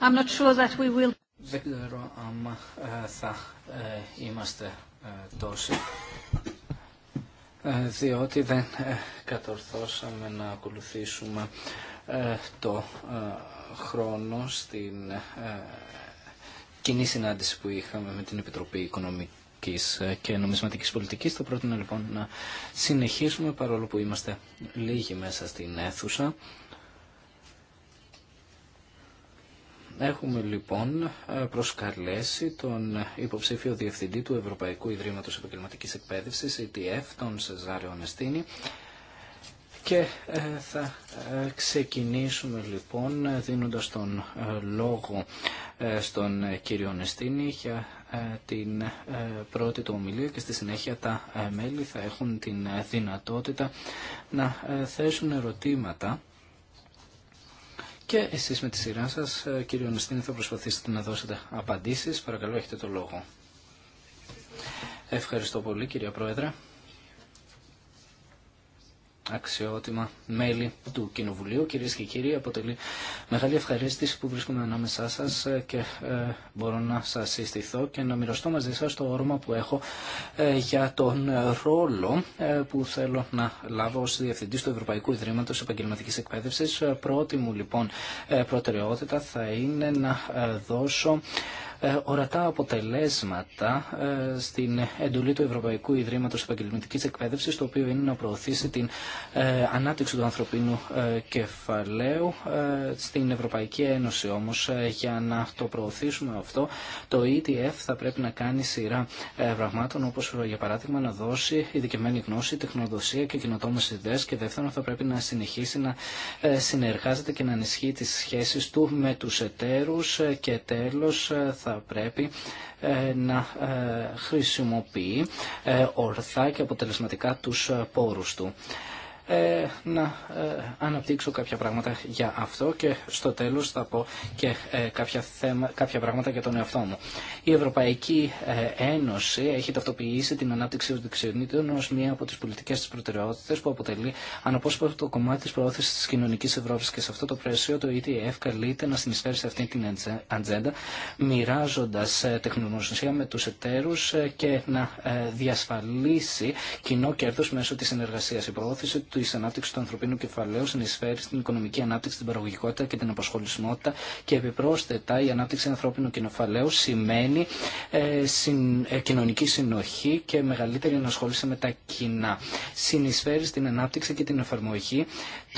Δεν ξέρω αν ε, θα ε, είμαστε ε, τόσοι διότι δεν κατορθώσαμε να ακολουθήσουμε το χρόνο στην κοινή συνάντηση που είχαμε με την Επιτροπή Οικονομικής και Νομισματικής Πολιτικής. Θα πρότεινα λοιπόν να συνεχίσουμε παρόλο που είμαστε λίγοι μέσα στην αίθουσα. Έχουμε λοιπόν προσκαλέσει τον υποψήφιο διευθυντή του Ευρωπαϊκού Ιδρύματος Επαγγελματικής Εκπαίδευσης, ETF, ε τον Σεζάριο Νεστίνη και ε, θα ε, ξεκινήσουμε λοιπόν δίνοντας τον λόγο στον κύριο Νεστίνη για την πρώτη του ομιλία και στη συνέχεια τα μέλη θα έχουν την δυνατότητα να θέσουν ερωτήματα και εσεί με τη σειρά σα, ε, κύριε Ωνεστίνη, θα προσπαθήσετε να δώσετε απαντήσεις. Παρακαλώ, έχετε το λόγο. Ευχαριστώ πολύ, κύριε Πρόεδρε αξιότιμα μέλη του Κοινοβουλίου. Κυρίες και κύριοι, αποτελεί μεγάλη ευχαρίστηση που βρίσκομαι ανάμεσά σας ε, και ε, μπορώ να σας συστηθώ και να μοιραστώ μαζί σας το όρομα που έχω ε, για τον ρόλο που θέλω να λάβω ως Διευθυντής του Ευρωπαϊκού Ιδρύματος Επαγγελματικής Εκπαίδευσης. Πρώτη μου λοιπόν προτεραιότητα θα είναι να δώσω ε, ορατά αποτελέσματα ε, στην εντολή του Ευρωπαϊκού Ιδρύματος Επαγγελματική Εκπαίδευσης, το οποίο είναι να προωθήσει την ε, ανάπτυξη του ανθρωπίνου κεφαλαίου στην Ευρωπαϊκή Ένωση. Όμως, για να το προωθήσουμε αυτό, το ETF θα πρέπει να κάνει σειρά πραγμάτων, όπως για παράδειγμα να δώσει ειδικευμένη γνώση, τεχνοδοσία και κοινοτόμες ιδέες και δεύτερον θα πρέπει να συνεχίσει να συνεργάζεται και να ενισχύει τις σχέσεις του με τους εταίρους και τέλος θα πρέπει ε, να ε, χρησιμοποιεί ε, ορθά και αποτελεσματικά τους πόρους του. Ε, να ε, αναπτύξω κάποια πράγματα για αυτό και στο τέλος θα πω και ε, κάποια, θέμα, κάποια πράγματα για τον εαυτό μου. Η Ευρωπαϊκή Ένωση έχει ταυτοποιήσει την ανάπτυξη των δεξιοτήτων ως μία από τις πολιτικές της προτεραιότητες που αποτελεί αναπόσπαστο κομμάτι της προώθησης της κοινωνικής Ευρώπης και σε αυτό το πλαίσιο το ETF καλείται να συνεισφέρει σε αυτή την ατζέντα μοιράζοντα τεχνογνωσία με τους εταίρους και να διασφαλίσει κοινό κέρδος μέσω της συνεργασίας. Η προώθηση η ανάπτυξη του ανθρωπίνου κεφαλαίου συνεισφέρει στην οικονομική ανάπτυξη, την παραγωγικότητα και την απασχολησιμότητα και επιπρόσθετα η ανάπτυξη ανθρώπινου κεφαλαίου σημαίνει ε, ε κοινωνική συνοχή και μεγαλύτερη ενασχόληση με τα κοινά. Συνεισφέρει στην ανάπτυξη και την εφαρμογή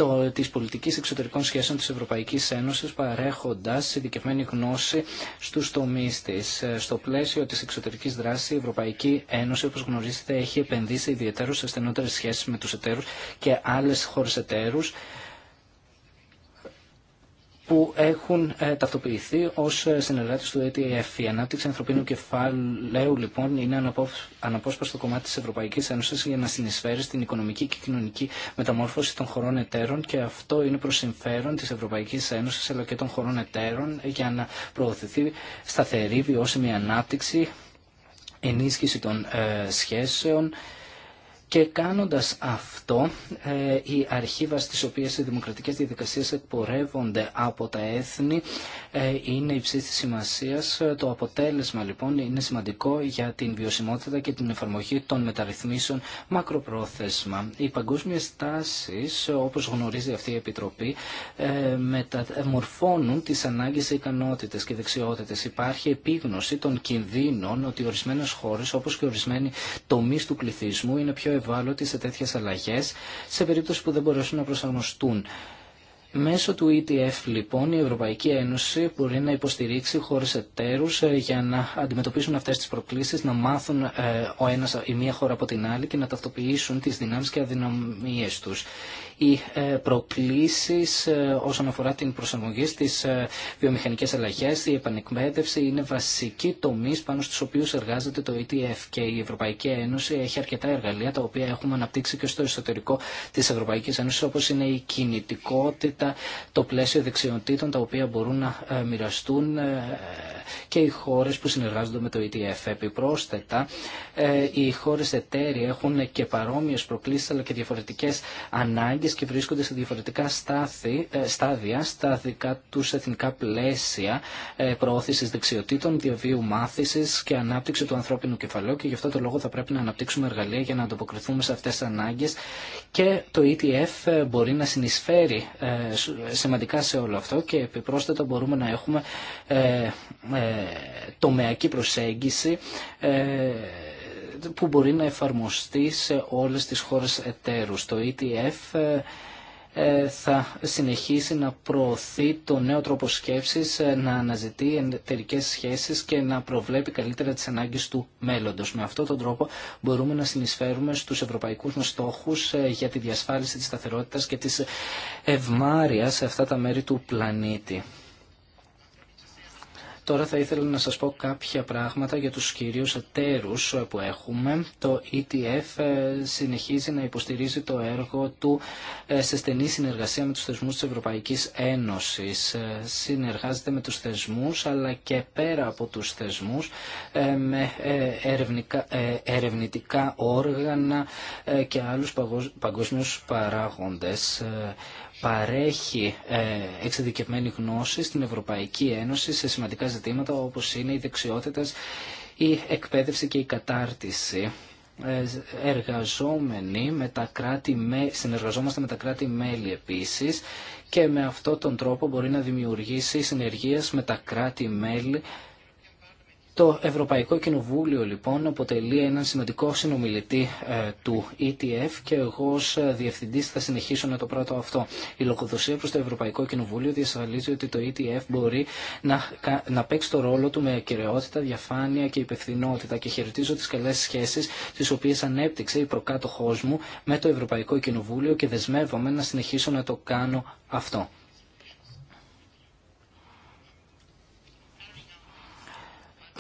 το, της πολιτικής εξωτερικών σχέσεων της Ευρωπαϊκής Ένωσης παρέχοντας ειδικευμένη γνώση στους τομείς της. Ε, στο πλαίσιο της εξωτερικής δράσης η Ευρωπαϊκή Ένωση όπως γνωρίζετε έχει επενδύσει ιδιαίτερως σε στενότερες σχέσεις με τους εταίρους και άλλες χώρες εταίρους που έχουν ε, ταυτοποιηθεί ως ε, συνεργάτες του ETF. Η ανάπτυξη ανθρωπίνου κεφαλαίου λοιπόν είναι αναπόσπαστο κομμάτι της Ευρωπαϊκή Ένωση για να συνεισφέρει στην οικονομική και κοινωνική μεταμόρφωση των χωρών εταίρων και αυτό είναι προ συμφέρον της Ευρωπαϊκή Ένωση, αλλά και των χωρών εταίρων για να προωθηθεί σταθερή βιώσιμη ανάπτυξη, ενίσχυση των ε, σχέσεων και κάνοντας αυτό, ε, οι αρχήβα στις οποίες οι δημοκρατικές διαδικασίες εκπορεύονται από τα έθνη ε, είναι υψή της σημασίας. Το αποτέλεσμα λοιπόν είναι σημαντικό για την βιωσιμότητα και την εφαρμογή των μεταρρυθμίσεων μακροπρόθεσμα. Οι παγκόσμιες τάσεις, όπως γνωρίζει αυτή η Επιτροπή, ε, μεταμορφώνουν τις ανάγκες ικανότητες και δεξιότητες. Υπάρχει επίγνωση των κινδύνων ότι ορισμένες χώρες, όπως και ορισμένοι τομείς του πληθυσμού, είναι πιο ευάλωτοι σε τέτοιε αλλαγέ σε περίπτωση που δεν μπορέσουν να προσαρμοστούν. Μέσω του ETF λοιπόν η Ευρωπαϊκή Ένωση μπορεί να υποστηρίξει χώρε εταίρου ε, για να αντιμετωπίσουν αυτέ τι προκλήσει, να μάθουν ε, ο ένας, η μία χώρα από την άλλη και να ταυτοποιήσουν τι δυνάμει και αδυναμίε του οι ε, προκλήσεις ε, όσον αφορά την προσαρμογή στις ε, βιομηχανικές αλλαγές, η επανεκπαίδευση είναι βασικοί τομείς πάνω στους οποίους εργάζεται το ETF και η Ευρωπαϊκή Ένωση έχει αρκετά εργαλεία τα οποία έχουμε αναπτύξει και στο εσωτερικό της Ευρωπαϊκής Ένωσης όπως είναι η κινητικότητα, το πλαίσιο δεξιοτήτων τα οποία μπορούν να μοιραστούν και οι χώρες που συνεργάζονται με το ETF. Επιπρόσθετα, οι χώρες εταίροι έχουν και παρόμοιε προκλήσει αλλά και διαφορετικές ανάγκες και βρίσκονται σε διαφορετικά ε, στάδια στα δικά τους εθνικά πλαίσια ε, προώθησης δεξιοτήτων, διαβίου μάθησης και ανάπτυξη του ανθρώπινου κεφαλαίου και γι' αυτό το λόγο θα πρέπει να αναπτύξουμε εργαλεία για να ανταποκριθούμε σε αυτές τις ανάγκες και το ETF ε, μπορεί να συνεισφέρει σημαντικά σε όλο αυτό και επιπρόσθετα μπορούμε να έχουμε τομεακή προσέγγιση που μπορεί να εφαρμοστεί σε όλες τις χώρες εταίρους. Το ETF ε, ε, θα συνεχίσει να προωθεί το νέο τρόπο σκέψης, ε, να αναζητεί εταιρικέ σχέσεις και να προβλέπει καλύτερα τις ανάγκες του μέλλοντος. Με αυτόν τον τρόπο μπορούμε να συνεισφέρουμε στους ευρωπαϊκούς μας στόχους για τη διασφάλιση της σταθερότητας και της ευμάρειας σε αυτά τα μέρη του πλανήτη. Τώρα θα ήθελα να σας πω κάποια πράγματα για τους κυρίους εταίρους που έχουμε. Το ETF ε, συνεχίζει να υποστηρίζει το έργο του ε, σε στενή συνεργασία με τους θεσμούς της Ευρωπαϊκής Ένωσης. Ε, συνεργάζεται με τους θεσμούς αλλά και πέρα από τους θεσμούς με ερευνητικά όργανα και άλλους παγκόσμιους παράγοντες παρέχει εξειδικευμένη γνώση στην Ευρωπαϊκή Ένωση σε σημαντικά ζητήματα ζητήματα όπως είναι οι δεξιότητες, η εκπαίδευση και η κατάρτιση. Ε, εργαζόμενοι με τα κράτη, συνεργαζόμαστε με τα κράτη-μέλη επίσης και με αυτό τον τρόπο μπορεί να δημιουργήσει συνεργίες με τα κράτη-μέλη το Ευρωπαϊκό Κοινοβούλιο λοιπόν αποτελεί έναν σημαντικό συνομιλητή ε, του ETF και εγώ ως ε, διευθυντής θα συνεχίσω να το πρώτο αυτό. Η λογοδοσία προς το Ευρωπαϊκό Κοινοβούλιο διασφαλίζει ότι το ETF μπορεί να, να παίξει το ρόλο του με κυριότητα, διαφάνεια και υπευθυνότητα και χαιρετίζω τις καλές σχέσεις τις οποίες ανέπτυξε η προκάτοχο μου με το Ευρωπαϊκό Κοινοβούλιο και δεσμεύομαι να συνεχίσω να το κάνω αυτό.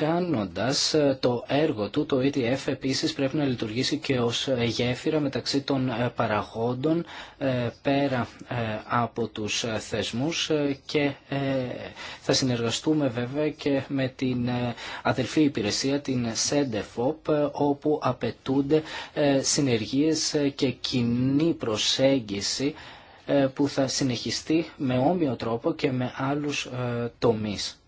κάνοντας ε, το έργο του, το ETF επίσης πρέπει να λειτουργήσει και ως ε, γέφυρα μεταξύ των ε, παραγόντων πέρα από τους θεσμούς και θα συνεργαστούμε βέβαια και με την αδελφή υπηρεσία, την SEDEFOP, όπου απαιτούνται συνεργίες και κοινή προσέγγιση που θα συνεχιστεί με όμοιο τρόπο και με άλλους τομείς.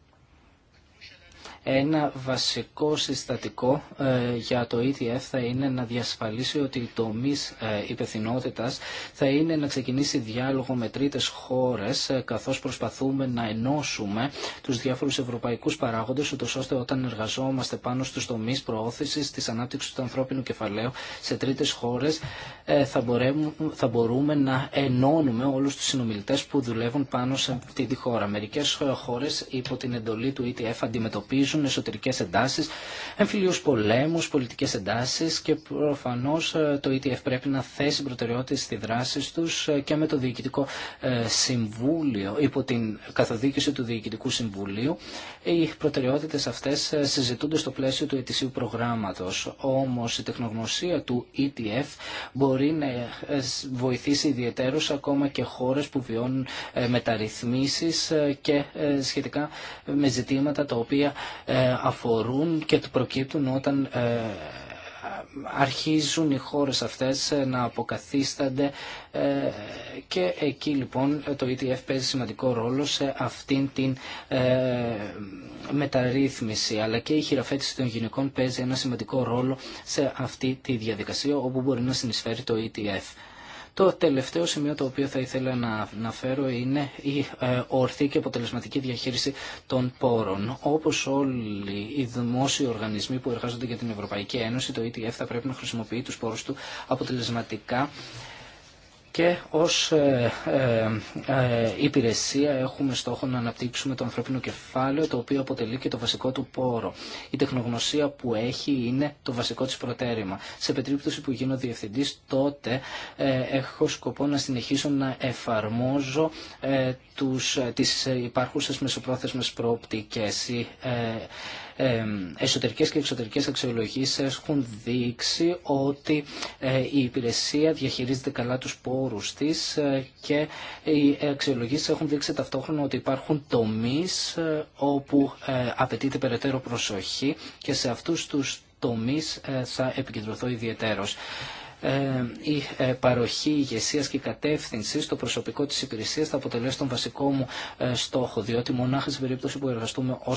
Ένα βασικό συστατικό ε, για το ETF θα είναι να διασφαλίσει ότι η τομή ε, υπευθυνότητα θα είναι να ξεκινήσει διάλογο με τρίτε χώρε, καθώ προσπαθούμε να ενώσουμε του διάφορου ευρωπαϊκού παράγοντε, ούτω ώστε όταν εργαζόμαστε πάνω στου τομεί προώθηση τη ανάπτυξη του ανθρώπινου κεφαλαίου σε τρίτε χώρε, ε, θα, θα μπορούμε να ενώνουμε όλου του συνομιλητέ που δουλεύουν πάνω σε αυτή τη χώρα. Μερικέ χώρε υπό την εντολή του ETF αντιμετωπίζουν χτίζουν εσωτερικές εντάσεις, εμφυλίους πολέμους, πολιτικές εντάσεις και προφανώς ε, το ETF πρέπει να θέσει προτεραιότητες στη δράση τους ε, και με το Διοικητικό ε, Συμβούλιο, υπό την καθοδήγηση του Διοικητικού Συμβουλίου. Οι προτεραιότητες αυτές συζητούνται στο πλαίσιο του ετησίου προγράμματος. Όμως η τεχνογνωσία του ETF μπορεί να βοηθήσει ιδιαίτερως ακόμα και χώρες που βιώνουν μεταρρυθμίσεις και σχετικά με ζητήματα τα οποία ε, αφορούν και προκύπτουν όταν ε, αρχίζουν οι χώρες αυτές ε, να αποκαθίστανται και εκεί λοιπόν το ETF παίζει σημαντικό ρόλο σε αυτήν την μεταρρύθμιση αλλά και η χειραφέτηση των γυναικών παίζει ένα σημαντικό ρόλο σε αυτή τη διαδικασία όπου μπορεί να συνεισφέρει το ETF. Το τελευταίο σημείο το οποίο θα ήθελα να αναφέρω είναι η ε, ορθή και αποτελεσματική διαχείριση των πόρων. Όπως όλοι οι δημόσιοι οργανισμοί που εργάζονται για την Ευρωπαϊκή Ένωση, το ETF θα πρέπει να χρησιμοποιεί τους πόρους του αποτελεσματικά και ως ε, ε, ε, υπηρεσία έχουμε στόχο να αναπτύξουμε το ανθρώπινο κεφάλαιο το οποίο αποτελεί και το βασικό του πόρο. Η τεχνογνωσία που έχει είναι το βασικό της προτέρημα. Σε περίπτωση που γίνω διευθυντής τότε ε, έχω σκοπό να συνεχίσω να εφαρμόζω ε, τους, ε, τις υπάρχουσες μεσοπρόθεσμες προοπτικές εσωτερικές και εξωτερικές αξιολογήσεις έχουν δείξει ότι ε, η υπηρεσία διαχειρίζεται καλά τους πόρους της ε, και οι αξιολογήσεις έχουν δείξει ταυτόχρονα ότι υπάρχουν τομείς ε, όπου απαιτείται περαιτέρω προσοχή και σε αυτούς τους τομείς θα επικεντρωθώ ιδιαιτέρως. Ε, η ε, παροχή ηγεσία και κατεύθυνση στο προσωπικό τη υπηρεσία θα αποτελέσει τον βασικό μου ε, στόχο, διότι μονάχα στην περίπτωση που εργαστούμε ω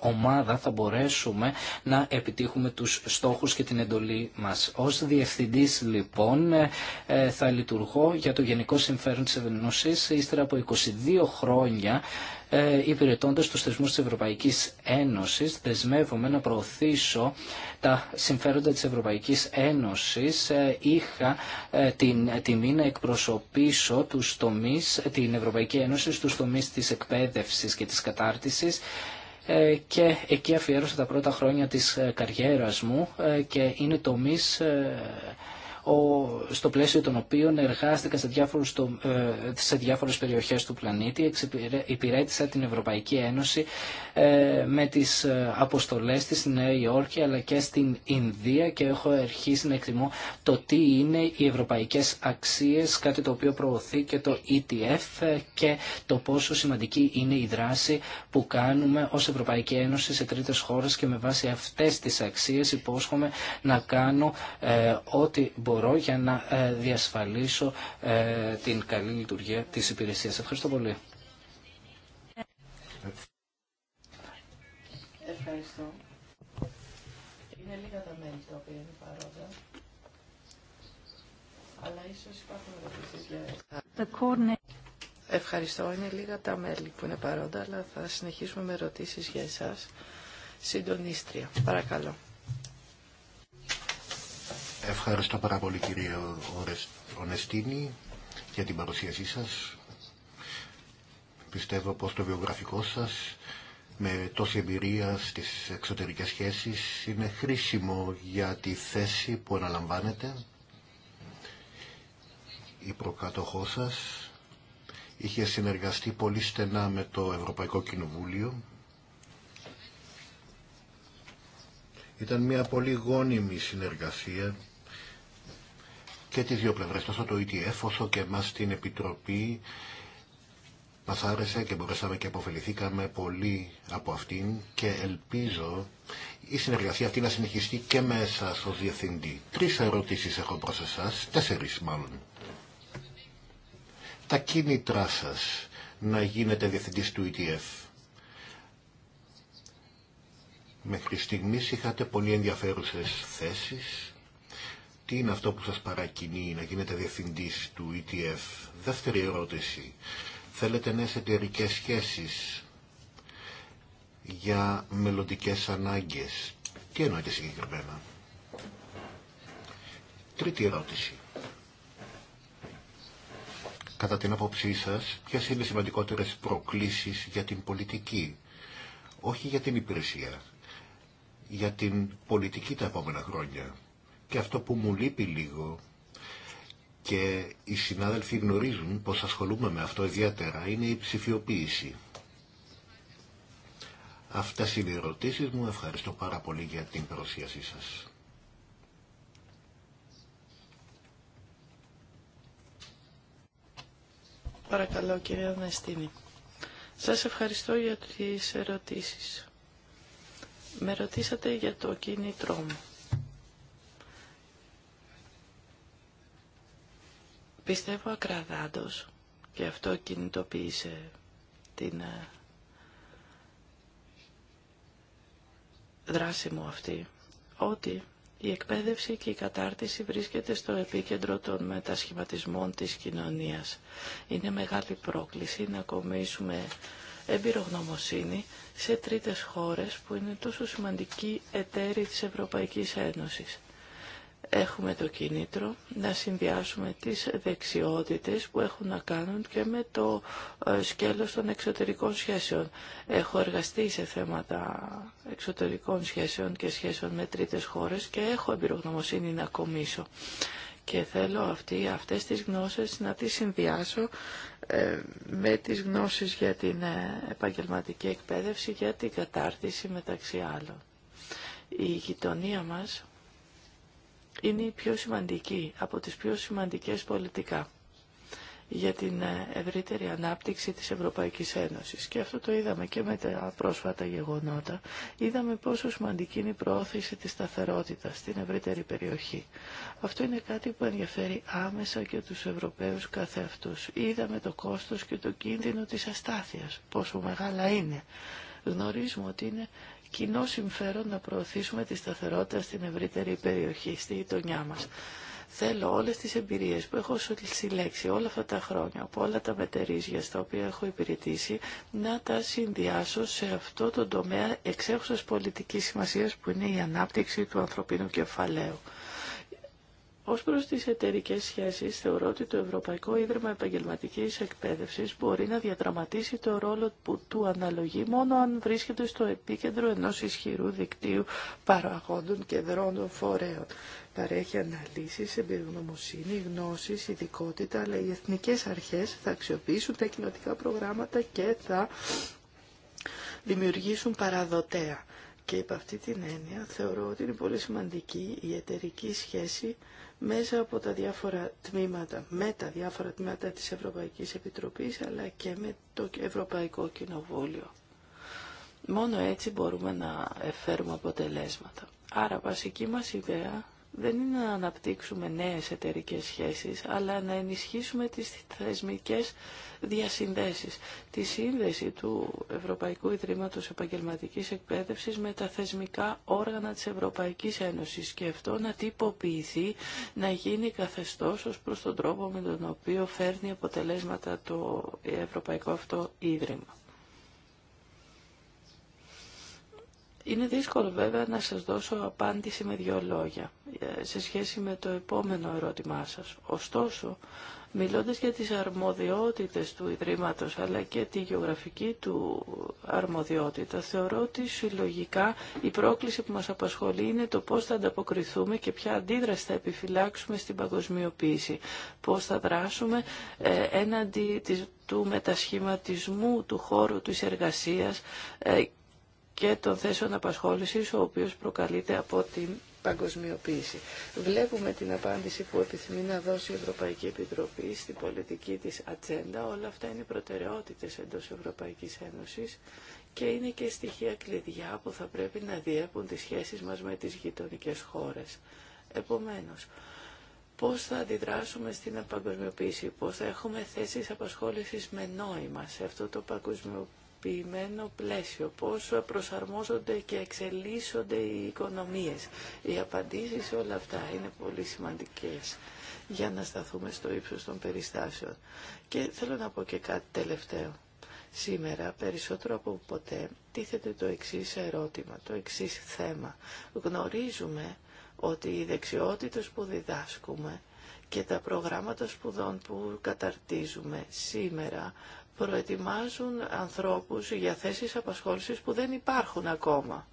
ομάδα θα μπορέσουμε να επιτύχουμε του στόχου και την εντολή μα. Ω διευθυντή λοιπόν θα λειτουργώ για το γενικό συμφέρον τη Ευελινωσή ύστερα από 22 χρόνια ε, υπηρετώντας τους θεσμούς της Ευρωπαϊκής Ένωσης, δεσμεύομαι να προωθήσω τα συμφέροντα της Ευρωπαϊκής Ένωσης. Ε, είχα ε, την τιμή να εκπροσωπήσω τους τομείς, την Ευρωπαϊκή Ένωση στους τομείς της εκπαίδευσης και της κατάρτισης και εκεί αφιέρωσα τα πρώτα χρόνια της καριέρας μου και είναι τομείς στο πλαίσιο των οποίων εργάστηκα σε, διάφορους, ε, σε διάφορες περιοχές του πλανήτη. Υπηρέτησα την Ευρωπαϊκή Ένωση ε, με τις ε, αποστολές της στη Νέα Υόρκη αλλά και στην Ινδία και έχω αρχίσει να εκτιμώ το τι είναι οι ευρωπαϊκές αξίες, κάτι το οποίο προωθεί και το ETF και το πόσο σημαντική είναι η δράση που κάνουμε ως Ευρωπαϊκή Ένωση σε τρίτες χώρες και με βάση αυτές τις αξίες υπόσχομαι να κάνω ό,τι μπορώ για να ε, διασφαλίσω ε, την καλή λειτουργία της υπηρεσίας. Ευχαριστώ πολύ. Ευχαριστώ. Είναι λίγα τα μέλη τα οποία είναι παρόντα. Αλλά ίσως υπάρχουν ερωτήσεις για Ευχαριστώ. Είναι λίγα τα μέλη που είναι παρόντα, αλλά θα συνεχίσουμε με ερωτήσεις για εσάς. Συντονίστρια. Παρακαλώ. Ευχαριστώ πάρα πολύ κύριε Ονεστίνη για την παρουσίασή σας. Πιστεύω πως το βιογραφικό σας με τόση εμπειρία στις εξωτερικές σχέσεις είναι χρήσιμο για τη θέση που αναλαμβάνετε. Η προκατοχό σας είχε συνεργαστεί πολύ στενά με το Ευρωπαϊκό Κοινοβούλιο. Ήταν μια πολύ γόνιμη συνεργασία και τις δύο πλευρές, τόσο το ETF όσο και μας στην Επιτροπή μας άρεσε και μπορέσαμε και αποφεληθήκαμε πολύ από αυτήν και ελπίζω η συνεργασία αυτή να συνεχιστεί και μέσα στο Διευθυντή. Τρεις ερωτήσεις έχω προς εσάς, τέσσερις μάλλον. Τα κίνητρά σας να γίνετε Διευθυντής του ETF. Μέχρι στιγμής είχατε πολύ ενδιαφέρουσες θέσεις τι είναι αυτό που σας παρακινεί να γίνετε διευθυντής του ETF. Δεύτερη ερώτηση. Θέλετε νέες εταιρικέ σχέσεις για μελλοντικές ανάγκες. Τι εννοείτε συγκεκριμένα. Τρίτη ερώτηση. Κατά την άποψή σας, ποιες είναι οι σημαντικότερες προκλήσεις για την πολιτική, όχι για την υπηρεσία, για την πολιτική τα επόμενα χρόνια και αυτό που μου λείπει λίγο και οι συνάδελφοι γνωρίζουν πως ασχολούμαι με αυτό ιδιαίτερα είναι η ψηφιοποίηση. Αυτές είναι οι ερωτήσεις μου. Ευχαριστώ πάρα πολύ για την παρουσίασή σας. Παρακαλώ κύριε Νεστίνη. Σας ευχαριστώ για τις ερωτήσεις. Με ρωτήσατε για το κίνητρό μου. Πιστεύω ακραδάντως και αυτό κινητοποίησε την ε, δράση μου αυτή, ότι η εκπαίδευση και η κατάρτιση βρίσκεται στο επίκεντρο των μετασχηματισμών της κοινωνίας. Είναι μεγάλη πρόκληση να κομίσουμε εμπειρογνωμοσύνη σε τρίτες χώρες που είναι τόσο σημαντικοί εταίροι της Ευρωπαϊκής Ένωσης έχουμε το κίνητρο να συνδυάσουμε τις δεξιότητες που έχουν να κάνουν και με το ε, σκέλος των εξωτερικών σχέσεων. Έχω εργαστεί σε θέματα εξωτερικών σχέσεων και σχέσεων με τρίτες χώρες και έχω εμπειρογνωμοσύνη να κομίσω. Και θέλω αυτή, αυτές τις γνώσεις να τις συνδυάσω ε, με τις γνώσεις για την ε, επαγγελματική εκπαίδευση, για την κατάρτιση μεταξύ άλλων. Η γειτονία μας είναι η πιο σημαντική από τις πιο σημαντικές πολιτικά για την ε, ευρύτερη ανάπτυξη της Ευρωπαϊκής Ένωσης. Και αυτό το είδαμε και με τα πρόσφατα γεγονότα. Είδαμε πόσο σημαντική είναι η πρόθεση της σταθερότητας στην ευρύτερη περιοχή. Αυτό είναι κάτι που ενδιαφέρει άμεσα και τους Ευρωπαίους καθεαυτούς. Είδαμε το κόστος και το κίνδυνο της αστάθειας, πόσο μεγάλα είναι. Γνωρίζουμε ότι είναι κοινό συμφέρον να προωθήσουμε τη σταθερότητα στην ευρύτερη περιοχή, στη γειτονιά μας. Θέλω όλες τις εμπειρίες που έχω συλλέξει όλα αυτά τα χρόνια, από όλα τα μετερίζια στα οποία έχω υπηρετήσει, να τα συνδυάσω σε αυτό το τομέα εξέχουσας πολιτικής σημασίας που είναι η ανάπτυξη του ανθρωπίνου κεφαλαίου. Ω προ τι εταιρικέ σχέσει, θεωρώ ότι το Ευρωπαϊκό Ίδρυμα επαγγελματική εκπαίδευση μπορεί να διαδραματίσει το ρόλο που του αναλογεί μόνο αν βρίσκεται στο επίκεντρο ενό ισχυρού δικτύου παραγόντων και δρόντων φορέων. Παρέχει αναλύσει, εμπειρογνωμοσύνη, γνώσεις, ειδικότητα, αλλά οι εθνικέ αρχέ θα αξιοποιήσουν τα κοινοτικά προγράμματα και θα δημιουργήσουν παραδοτέα. Και υπ' αυτή την έννοια θεωρώ ότι είναι πολύ σημαντική η εταιρική σχέση μέσα από τα διάφορα τμήματα, με τα διάφορα τμήματα της Ευρωπαϊκής Επιτροπής αλλά και με το Ευρωπαϊκό Κοινοβούλιο. Μόνο έτσι μπορούμε να φέρουμε αποτελέσματα. Άρα βασική μας ιδέα δεν είναι να αναπτύξουμε νέες εταιρικές σχέσεις, αλλά να ενισχύσουμε τις θεσμικές διασυνδέσεις. Τη σύνδεση του Ευρωπαϊκού Ιδρύματος Επαγγελματικής Εκπαίδευσης με τα θεσμικά όργανα της Ευρωπαϊκής Ένωσης και αυτό να τυποποιηθεί, να γίνει καθεστώς ως προς τον τρόπο με τον οποίο φέρνει αποτελέσματα το Ευρωπαϊκό αυτό Ίδρυμα. Είναι δύσκολο βέβαια να σας δώσω απάντηση με δύο λόγια ε, σε σχέση με το επόμενο ερώτημά σας. Ωστόσο, μιλώντας για τις αρμοδιότητες του Ιδρύματος αλλά και τη γεωγραφική του αρμοδιότητα, θεωρώ ότι συλλογικά η πρόκληση που μας απασχολεί είναι το πώς θα ανταποκριθούμε και ποια αντίδραση θα επιφυλάξουμε στην παγκοσμιοποίηση, πώς θα δράσουμε ε, έναντι του μετασχηματισμού του χώρου της εργασίας ε, και των θέσεων απασχόλησης, ο οποίος προκαλείται από την παγκοσμιοποίηση. Βλέπουμε την απάντηση που επιθυμεί να δώσει η Ευρωπαϊκή Επιτροπή στην πολιτική της ατζέντα. Όλα αυτά είναι προτεραιότητες εντός Ευρωπαϊκής Ένωσης και είναι και στοιχεία κλειδιά που θα πρέπει να διέπουν τις σχέσεις μας με τις γειτονικές χώρες. Επομένως, πώς θα αντιδράσουμε στην παγκοσμιοποίηση, πώς θα έχουμε θέσεις απασχόλησης με νόημα σε αυτό το παγκοσμιοποίηση ποιημένο πλαίσιο, πώς προσαρμόζονται και εξελίσσονται οι οικονομίες. Οι απαντήσεις σε όλα αυτά είναι πολύ σημαντικές για να σταθούμε στο ύψος των περιστάσεων. Και θέλω να πω και κάτι τελευταίο. Σήμερα, περισσότερο από ποτέ, τίθεται το εξής ερώτημα, το εξής θέμα. Γνωρίζουμε ότι οι δεξιότητες που διδάσκουμε και τα προγράμματα σπουδών που καταρτίζουμε σήμερα προετοιμάζουν ανθρώπους για θέσεις απασχόλησης που δεν υπάρχουν ακόμα.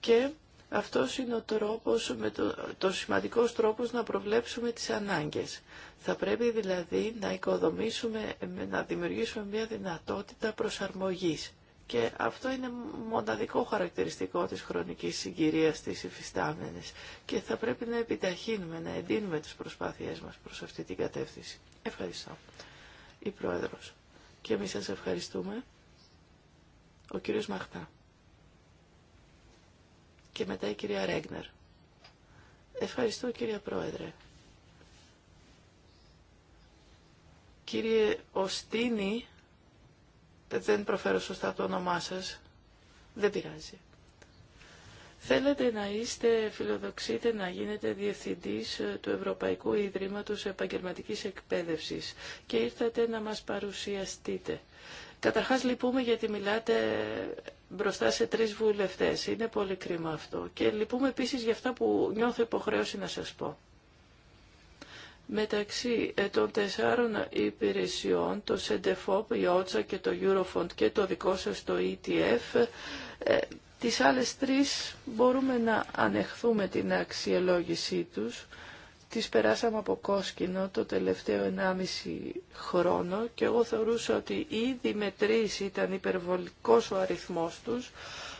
Και αυτό είναι ο τρόπος, με το, το σημαντικός τρόπος να προβλέψουμε τις ανάγκες. Θα πρέπει δηλαδή να οικοδομήσουμε, να δημιουργήσουμε μια δυνατότητα προσαρμογής. Και αυτό είναι μοναδικό χαρακτηριστικό της χρονικής συγκυρίας της υφιστάμενης και θα πρέπει να επιταχύνουμε, να εντείνουμε τις προσπάθειές μας προς αυτή την κατεύθυνση. Ευχαριστώ η Πρόεδρος. Και εμείς σας ευχαριστούμε. Ο κύριος Μαχτά. Και μετά η κυρία Ρέγνερ. Ευχαριστώ κύριε Πρόεδρε. Κύριε Οστίνη, δεν προφέρω σωστά το όνομά σας. Δεν πειράζει. Θέλετε να είστε, φιλοδοξείτε να γίνετε διευθυντής ε, του Ευρωπαϊκού Ιδρύματος Επαγγελματικής Εκπαίδευσης και ήρθατε να μας παρουσιαστείτε. Καταρχάς λυπούμε γιατί μιλάτε μπροστά σε τρεις βουλευτές. Είναι πολύ κρίμα αυτό. Και λυπούμε επίσης για αυτά που νιώθω υποχρέωση να σας πω. Μεταξύ ε, των τεσσάρων υπηρεσιών, το SEDEFOP, η ΟΤΣΑ και το Eurofond και το δικό σας το ETF, ε, Τις άλλες τρεις μπορούμε να ανεχθούμε την αξιολόγησή τους. Τις περάσαμε από κόσκινο το τελευταίο 1,5 χρόνο και εγώ θεωρούσα ότι ήδη με τρεις ήταν υπερβολικός ο αριθμός τους,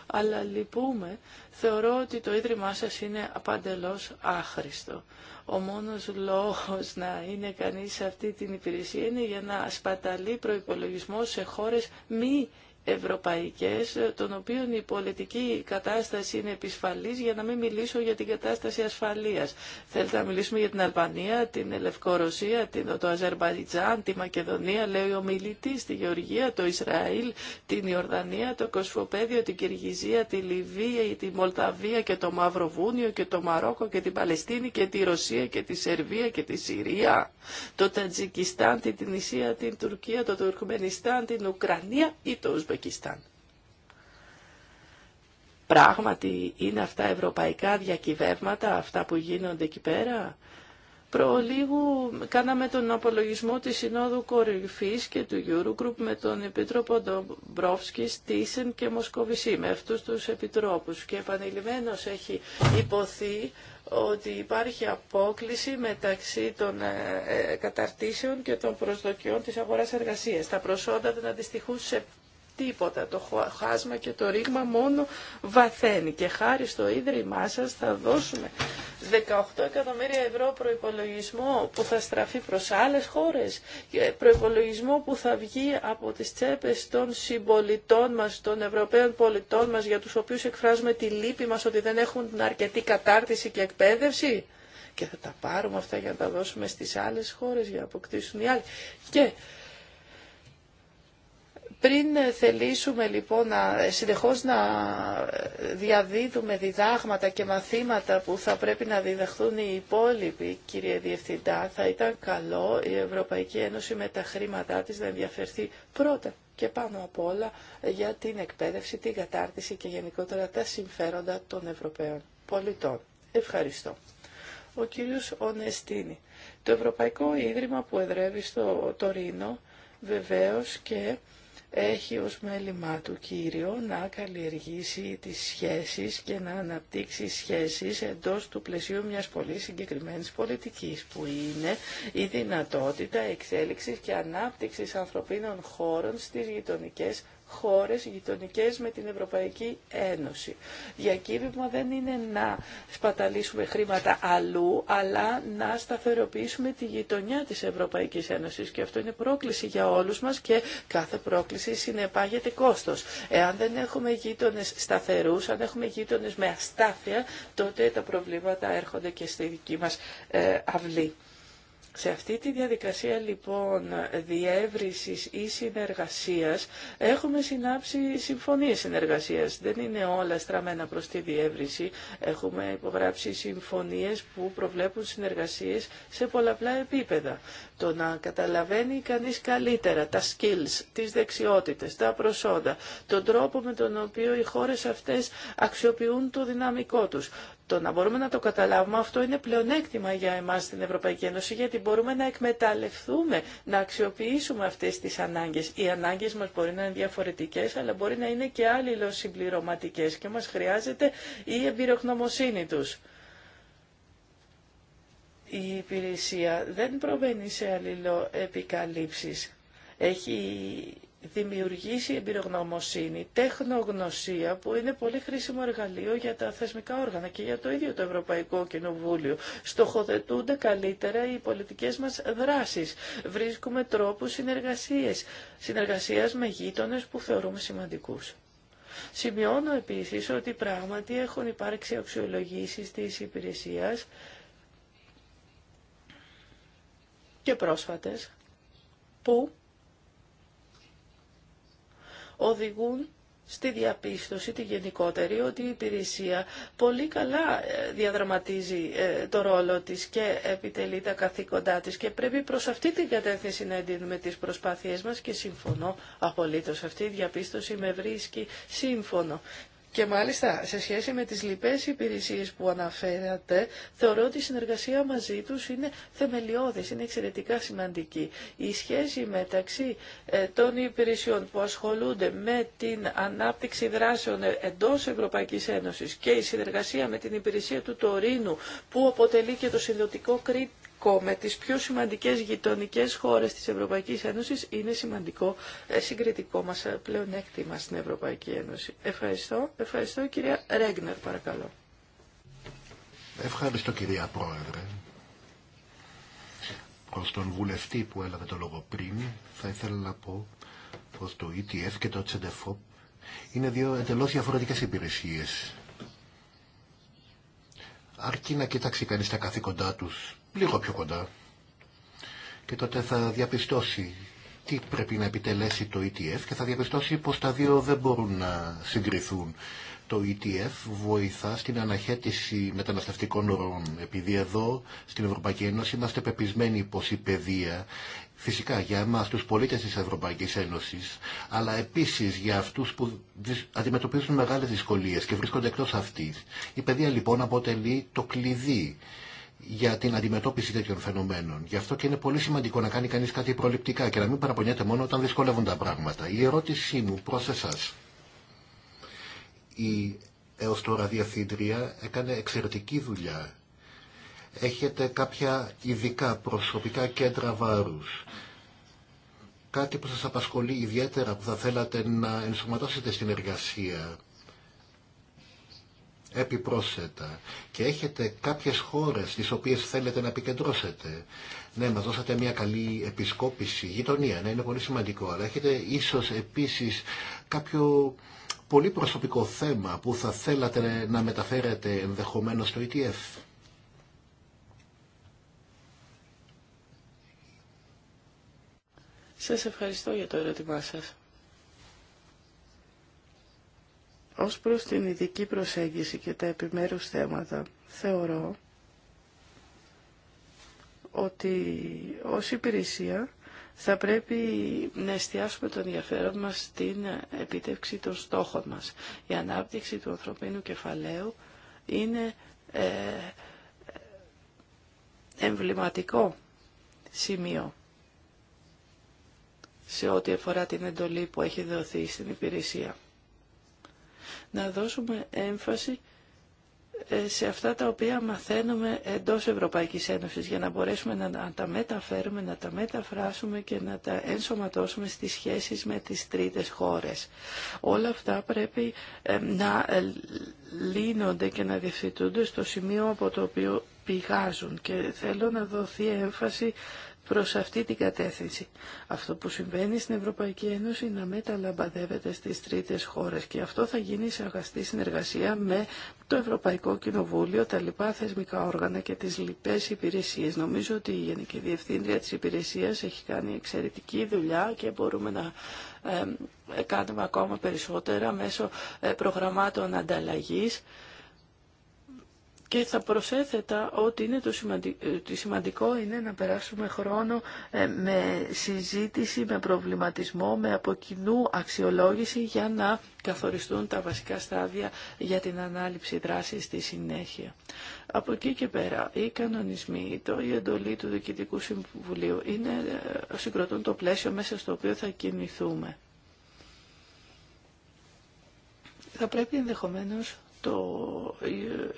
αλλά λυπούμε, θεωρώ ότι το Ίδρυμά σας είναι απαντελώς άχρηστο. Ο μόνος λόγος να είναι κανείς σε αυτή την υπηρεσία είναι για να ασπαταλεί προϋπολογισμό σε χώρες μη ευρωπαϊκές, ε, των οποίων η πολιτική κατάσταση είναι επισφαλής, για να μην μιλήσω για την κατάσταση ασφαλείας. Θέλετε να μιλήσουμε για την Αλβανία, την Ελευκορωσία, την, το Αζερβαϊτζάν, τη Μακεδονία, λέει ο μιλητής, τη Γεωργία, το Ισραήλ, την Ιορδανία, το Κοσφοπέδιο, την Κυργυζία, τη Λιβύη, τη Μολταβία και το Μαυροβούνιο και το Μαρόκο και την Παλαιστίνη και τη Ρωσία και τη Σερβία και τη Συρία, το Τατζικιστάν, την Τινησία, την Τουρκία, το Τουρκμενιστάν, την Ουκρανία ή το Πράγματι είναι αυτά ευρωπαϊκά διακυβεύματα, αυτά που γίνονται εκεί πέρα. Προλίγου κάναμε τον απολογισμό της Συνόδου Κορυφή και του Eurogroup με τον Επίτροπο Ντομπρόφσκι, Στίσεν και Μοσκοβισή, με αυτούς τους επιτρόπους. Και επανειλημμένος έχει υποθεί ότι υπάρχει απόκληση μεταξύ των ε, ε, καταρτήσεων και των προσδοκιών της αγοράς εργασίας. Τα προσόντα δεν αντιστοιχούν σε τίποτα. Το χάσμα και το ρήγμα μόνο βαθαίνει. Και χάρη στο Ίδρυμά σας θα δώσουμε 18 εκατομμύρια ευρώ προϋπολογισμό που θα στραφεί προς άλλες χώρες. Προϋπολογισμό που θα βγει από τις τσέπες των συμπολιτών μας, των Ευρωπαίων πολιτών μας, για τους οποίους εκφράζουμε τη λύπη μας ότι δεν έχουν αρκετή κατάρτιση και εκπαίδευση και θα τα πάρουμε αυτά για να τα δώσουμε στις άλλες χώρες για να αποκτήσουν οι άλλοι. Και πριν θελήσουμε λοιπόν να, συνεχώς να διαδίδουμε διδάγματα και μαθήματα που θα πρέπει να διδαχθούν οι υπόλοιποι, κύριε Διευθυντά, θα ήταν καλό η Ευρωπαϊκή Ένωση με τα χρήματά της να ενδιαφερθεί πρώτα και πάνω απ' όλα για την εκπαίδευση, την κατάρτιση και γενικότερα τα συμφέροντα των Ευρωπαίων πολιτών. Ευχαριστώ. Ο κύριος Ονεστίνη. Το Ευρωπαϊκό Ίδρυμα που εδρεύει στο Τωρίνο βεβαίως και έχει ως μέλημά του κύριο να καλλιεργήσει τις σχέσεις και να αναπτύξει σχέσεις εντός του πλαισίου μιας πολύ συγκεκριμένης πολιτικής που είναι η δυνατότητα εξέλιξης και ανάπτυξης ανθρωπίνων χώρων στις γειτονικές χώρες γειτονικέ με την Ευρωπαϊκή Ένωση. Διακύβευμα δεν είναι να σπαταλήσουμε χρήματα αλλού, αλλά να σταθεροποιήσουμε τη γειτονιά της Ευρωπαϊκής Ένωσης. Και αυτό είναι πρόκληση για όλους μας και κάθε πρόκληση συνεπάγεται κόστος. Εάν δεν έχουμε γείτονε σταθερούς, αν έχουμε γείτονε με αστάθεια, τότε τα προβλήματα έρχονται και στη δική μας ε, αυλή. Σε αυτή τη διαδικασία λοιπόν διεύρυνσης ή συνεργασίας έχουμε συνάψει συμφωνίες συνεργασίας. Δεν είναι όλα στραμμένα προς τη διεύρυνση. Έχουμε υπογράψει συμφωνίες που προβλέπουν συνεργασίες σε πολλαπλά επίπεδα. Το να καταλαβαίνει κανείς καλύτερα τα skills, τις δεξιότητες, τα προσόντα, τον τρόπο με τον οποίο οι χώρες αυτές αξιοποιούν το δυναμικό τους. Το να μπορούμε να το καταλάβουμε αυτό είναι πλεονέκτημα για εμάς στην Ευρωπαϊκή Ένωση γιατί μπορούμε να εκμεταλλευτούμε, να αξιοποιήσουμε αυτές τις ανάγκες. Οι ανάγκες μας μπορεί να είναι διαφορετικές αλλά μπορεί να είναι και συμπληρωματικές και μας χρειάζεται η εμπειρογνωμοσύνη τους η υπηρεσία δεν προβαίνει σε αλληλοεπικαλύψεις. Έχει δημιουργήσει εμπειρογνωμοσύνη, τεχνογνωσία που είναι πολύ χρήσιμο εργαλείο για τα θεσμικά όργανα και για το ίδιο το Ευρωπαϊκό Κοινοβούλιο. Στοχοθετούνται καλύτερα οι πολιτικές μας δράσεις. Βρίσκουμε τρόπους συνεργασίες, συνεργασίας με γείτονες που θεωρούμε σημαντικούς. Σημειώνω επίσης ότι πράγματι έχουν υπάρξει αξιολογήσεις της υπηρεσίας και πρόσφατες που οδηγούν στη διαπίστωση τη γενικότερη ότι η υπηρεσία πολύ καλά ε, διαδραματίζει ε, το ρόλο της και επιτελεί τα καθήκοντά της και πρέπει προς αυτή την κατεύθυνση να εντείνουμε τις προσπάθειές μας και συμφωνώ απολύτως. Αυτή η διαπίστωση με βρίσκει σύμφωνο και μάλιστα, σε σχέση με τις λοιπές υπηρεσίες που αναφέρατε, θεωρώ ότι η συνεργασία μαζί τους είναι θεμελιώδης, είναι εξαιρετικά σημαντική. Η σχέση μεταξύ ε, των υπηρεσιών που ασχολούνται με την ανάπτυξη δράσεων ε, εντός Ευρωπαϊκής Ένωσης και η συνεργασία με την υπηρεσία του Τωρίνου, που αποτελεί και το συνδοτικό με τις πιο σημαντικές γειτονικές χώρες της Ευρωπαϊκής Ένωσης είναι σημαντικό ε, συγκριτικό μας ε, πλεονέκτημα στην Ευρωπαϊκή Ένωση. Ευχαριστώ. Ευχαριστώ κυρία Ρέγνερ παρακαλώ. Ευχαριστώ κυρία Πρόεδρε. Προς τον βουλευτή που έλαβε το λόγο πριν θα ήθελα να πω πως το ETF και το CEDEFOP είναι δύο εντελώς διαφορετικές υπηρεσίες αρκεί να κοιτάξει κανείς τα καθήκοντά τους λίγο πιο κοντά και τότε θα διαπιστώσει τι πρέπει να επιτελέσει το ETF και θα διαπιστώσει πως τα δύο δεν μπορούν να συγκριθούν το ETF βοηθά στην αναχέτηση μεταναστευτικών ροών, επειδή εδώ στην Ευρωπαϊκή Ένωση είμαστε πεπισμένοι πω η παιδεία Φυσικά για εμά του πολίτε τη Ευρωπαϊκή Ένωση, αλλά επίση για αυτού που αντιμετωπίζουν μεγάλε δυσκολίε και βρίσκονται εκτό αυτής. Η παιδεία λοιπόν αποτελεί το κλειδί για την αντιμετώπιση τέτοιων φαινομένων. Γι' αυτό και είναι πολύ σημαντικό να κάνει κανεί κάτι προληπτικά και να μην παραπονιέται μόνο όταν δυσκολεύουν τα πράγματα. Η ερώτησή μου προ εσά η έως τώρα διευθύντρια έκανε εξαιρετική δουλειά. Έχετε κάποια ειδικά προσωπικά κέντρα βάρους. Κάτι που σας απασχολεί ιδιαίτερα που θα θέλατε να ενσωματώσετε στην εργασία επιπρόσθετα και έχετε κάποιες χώρες τις οποίες θέλετε να επικεντρώσετε. Ναι, μας δώσατε μια καλή επισκόπηση, γειτονία, ναι, είναι πολύ σημαντικό, αλλά έχετε ίσως επίσης κάποιο πολύ προσωπικό θέμα που θα θέλατε να μεταφέρετε ενδεχομένως στο ETF. Σας ευχαριστώ για το ερώτημά σας. Ως προς την ειδική προσέγγιση και τα επιμέρους θέματα, θεωρώ ότι ως υπηρεσία θα πρέπει να εστιάσουμε το ενδιαφέρον μας στην επίτευξη των στόχων μας. Η ανάπτυξη του ανθρωπίνου κεφαλαίου είναι ε, εμβληματικό σημείο σε ό,τι αφορά την εντολή που έχει δοθεί στην υπηρεσία. Να δώσουμε έμφαση ε, σε αυτά τα οποία μαθαίνουμε εντός Ευρωπαϊκής Ένωσης για να μπορέσουμε να τα μεταφέρουμε, να τα μεταφράσουμε και να τα ενσωματώσουμε στις σχέσεις με τις τρίτες χώρες. Όλα αυτά πρέπει ε, να ε, λύνονται και να διευθυντούνται στο σημείο από το οποίο πηγάζουν και θέλω να δοθεί έμφαση προς αυτή την κατεύθυνση. Αυτό που συμβαίνει στην Ευρωπαϊκή Ένωση να μεταλαμπαδεύεται στις τρίτες χώρες και αυτό θα γίνει σε αγαστή συνεργασία με το Ευρωπαϊκό Κοινοβούλιο, τα λοιπά θεσμικά όργανα και τις λοιπές υπηρεσίες. Νομίζω ότι η Γενική Διευθύντρια της Υπηρεσίας έχει κάνει εξαιρετική δουλειά και μπορούμε να ε, κάνουμε ακόμα περισσότερα μέσω ε, προγραμμάτων ανταλλαγής και θα προσέθετα ότι είναι το σημαντικό, είναι να περάσουμε χρόνο ε, με συζήτηση, με προβληματισμό, με αποκοινού αξιολόγηση για να καθοριστούν τα βασικά στάδια για την ανάληψη δράσης στη συνέχεια. Από εκεί και πέρα, οι κανονισμοί, το, η εντολή του Διοικητικού Συμβουλίου είναι, ε, συγκροτούν το πλαίσιο μέσα στο οποίο θα κινηθούμε. Θα πρέπει ενδεχομένως το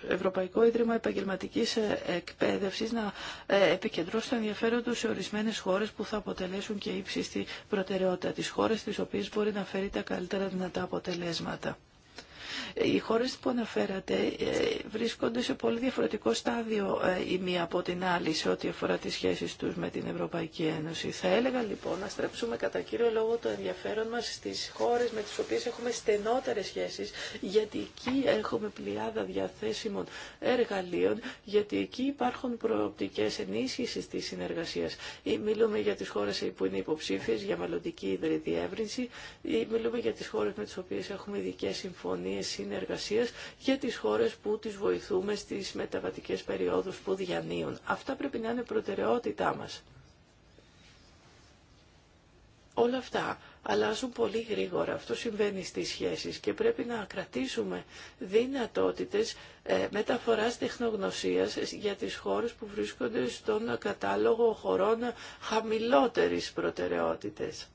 Ευρωπαϊκό Ίδρυμα Επαγγελματικής Εκπαίδευσης να ε, επικεντρώσει το ενδιαφέρον του σε ορισμένες χώρες που θα αποτελέσουν και ύψιστη προτεραιότητα, τις χώρες τις οποίες μπορεί να φέρει τα καλύτερα δυνατά αποτελέσματα. Οι χώρες που αναφέρατε ε, βρίσκονται σε πολύ διαφορετικό στάδιο ε, η μία από την άλλη σε ό,τι αφορά τις σχέσεις τους με την Ευρωπαϊκή Ένωση. Θα έλεγα λοιπόν να στρέψουμε κατά κύριο λόγο το ενδιαφέρον μας στις χώρες με τις οποίες έχουμε στενότερες σχέσεις, γιατί εκεί έχουμε πλειάδα διαθέσιμων εργαλείων, γιατί εκεί υπάρχουν προοπτικές ενίσχυσης της συνεργασίας. Ε, μιλούμε για τις χώρες που είναι υποψήφιες για μελλοντική διεύρυνση, ή μιλούμε για τις χώρες με τις οποίες έχουμε ειδικέ συμφωνίες συνεργασίες για τις χώρες που τις βοηθούμε στις μεταβατικές περιόδους που διανύουν. Αυτά πρέπει να είναι προτεραιότητά μας. Όλα αυτά αλλάζουν πολύ γρήγορα. Αυτό συμβαίνει στις σχέσεις και πρέπει να κρατήσουμε δυνατότητες ε, μεταφοράς τεχνογνωσίας για τις χώρες που βρίσκονται στον κατάλογο χωρών χαμηλότερης προτεραιότητες.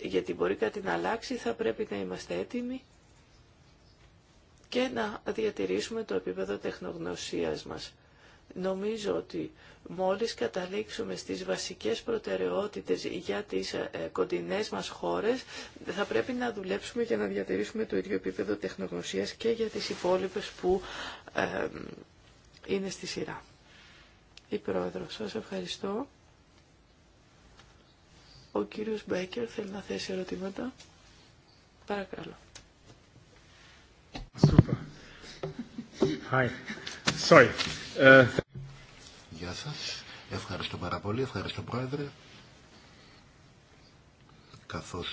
Γιατί μπορεί κάτι να αλλάξει, θα πρέπει να είμαστε έτοιμοι και να διατηρήσουμε το επίπεδο τεχνογνωσίας μας. Νομίζω ότι μόλις καταλήξουμε στις βασικές προτεραιότητες για τις ε, κοντινές μας χώρες, θα πρέπει να δουλέψουμε για να διατηρήσουμε το ίδιο επίπεδο τεχνογνωσίας και για τις υπόλοιπες που ε, είναι στη σειρά. Η Πρόεδρο, σας ευχαριστώ. Ο κύριος Μπέκερ θέλει να θέσει ερωτήματα. Παρακαλώ. Uh, Γεια σας. Ευχαριστώ πάρα πολύ. Ευχαριστώ Πρόεδρε. Καθώς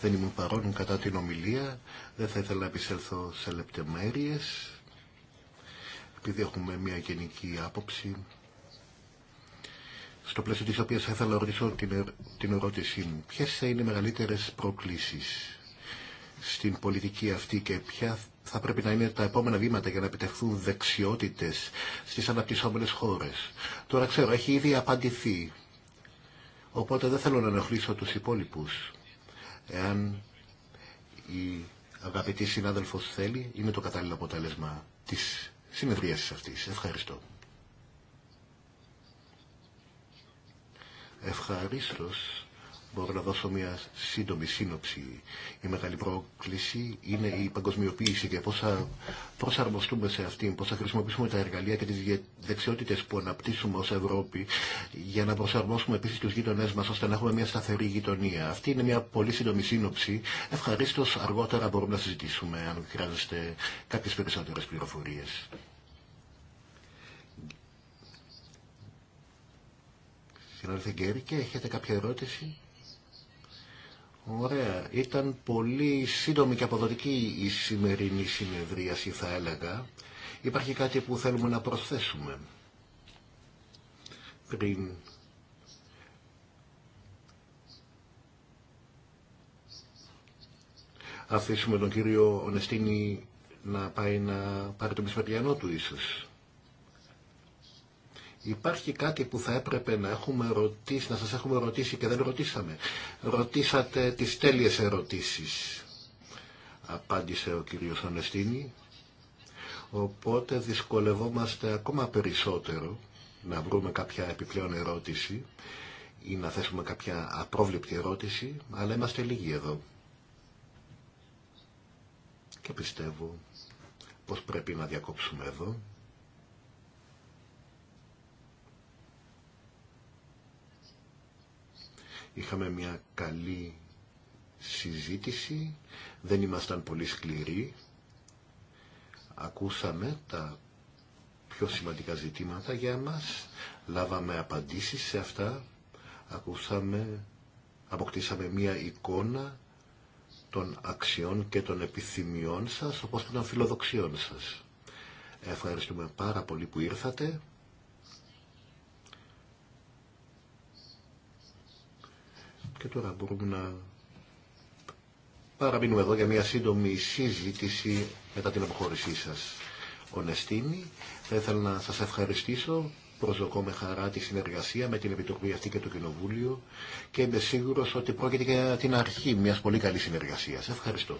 δεν ήμουν παρόν κατά την ομιλία, δεν θα ήθελα να επισέλθω σε λεπτεμέρειες, επειδή έχουμε μια γενική άποψη, στο πλαίσιο της οποίας θα ήθελα να ρωτήσω την, ερ... ερώτησή μου. Ποιες θα είναι οι μεγαλύτερες προκλήσεις στην πολιτική αυτή και ποια θα πρέπει να είναι τα επόμενα βήματα για να επιτευχθούν δεξιότητες στις αναπτυσσόμενες χώρες. Τώρα ξέρω, έχει ήδη απαντηθεί, οπότε δεν θέλω να ενοχλήσω τους υπόλοιπους. Εάν η αγαπητή συνάδελφος θέλει, είναι το κατάλληλο αποτέλεσμα της συνεδρίασης αυτής. Ευχαριστώ. Ευχαρίστως μπορώ να δώσω μια σύντομη σύνοψη. Η μεγάλη πρόκληση είναι η παγκοσμιοποίηση και πώς θα προσαρμοστούμε σε αυτήν, πώς θα χρησιμοποιήσουμε τα εργαλεία και τις δεξιότητες που αναπτύσσουμε ως Ευρώπη για να προσαρμόσουμε επίσης τους γείτονές μας ώστε να έχουμε μια σταθερή γειτονία. Αυτή είναι μια πολύ σύντομη σύνοψη. Ευχαρίστω αργότερα μπορούμε να συζητήσουμε αν χρειάζεστε κάποιες περισσότερες πληροφορίες. Συνάδελφε Γκέρικε, έχετε κάποια ερώτηση. Ωραία. Ήταν πολύ σύντομη και αποδοτική η σημερινή συνεδρίαση, θα έλεγα. Υπάρχει κάτι που θέλουμε να προσθέσουμε πριν αφήσουμε τον κύριο Ονεστίνη να πάει να πάρει το μισθωτιανό του ίσως. Υπάρχει κάτι που θα έπρεπε να, έχουμε ρωτήσει, να σας έχουμε ρωτήσει και δεν ρωτήσαμε. Ρωτήσατε τις τέλειες ερωτήσεις, απάντησε ο κύριος Ανεστίνη. Οπότε δυσκολευόμαστε ακόμα περισσότερο να βρούμε κάποια επιπλέον ερώτηση ή να θέσουμε κάποια απρόβλεπτη ερώτηση, αλλά είμαστε λίγοι εδώ. Και πιστεύω πως πρέπει να διακόψουμε εδώ. Είχαμε μια καλή συζήτηση, δεν ήμασταν πολύ σκληροί. Ακούσαμε τα πιο σημαντικά ζητήματα για μας, λάβαμε απαντήσεις σε αυτά, ακούσαμε, αποκτήσαμε μια εικόνα των αξιών και των επιθυμιών σας, όπως και των φιλοδοξιών σας. Ευχαριστούμε πάρα πολύ που ήρθατε. Και τώρα μπορούμε να παραμείνουμε εδώ για μια σύντομη συζήτηση μετά την αποχώρησή σας. Ο Νεστίνη, θα ήθελα να σας ευχαριστήσω. Προσδοκώ με χαρά τη συνεργασία με την Επιτροπή αυτή και το Κοινοβούλιο και είμαι σίγουρος ότι πρόκειται για την αρχή μιας πολύ καλής συνεργασίας. Ευχαριστώ.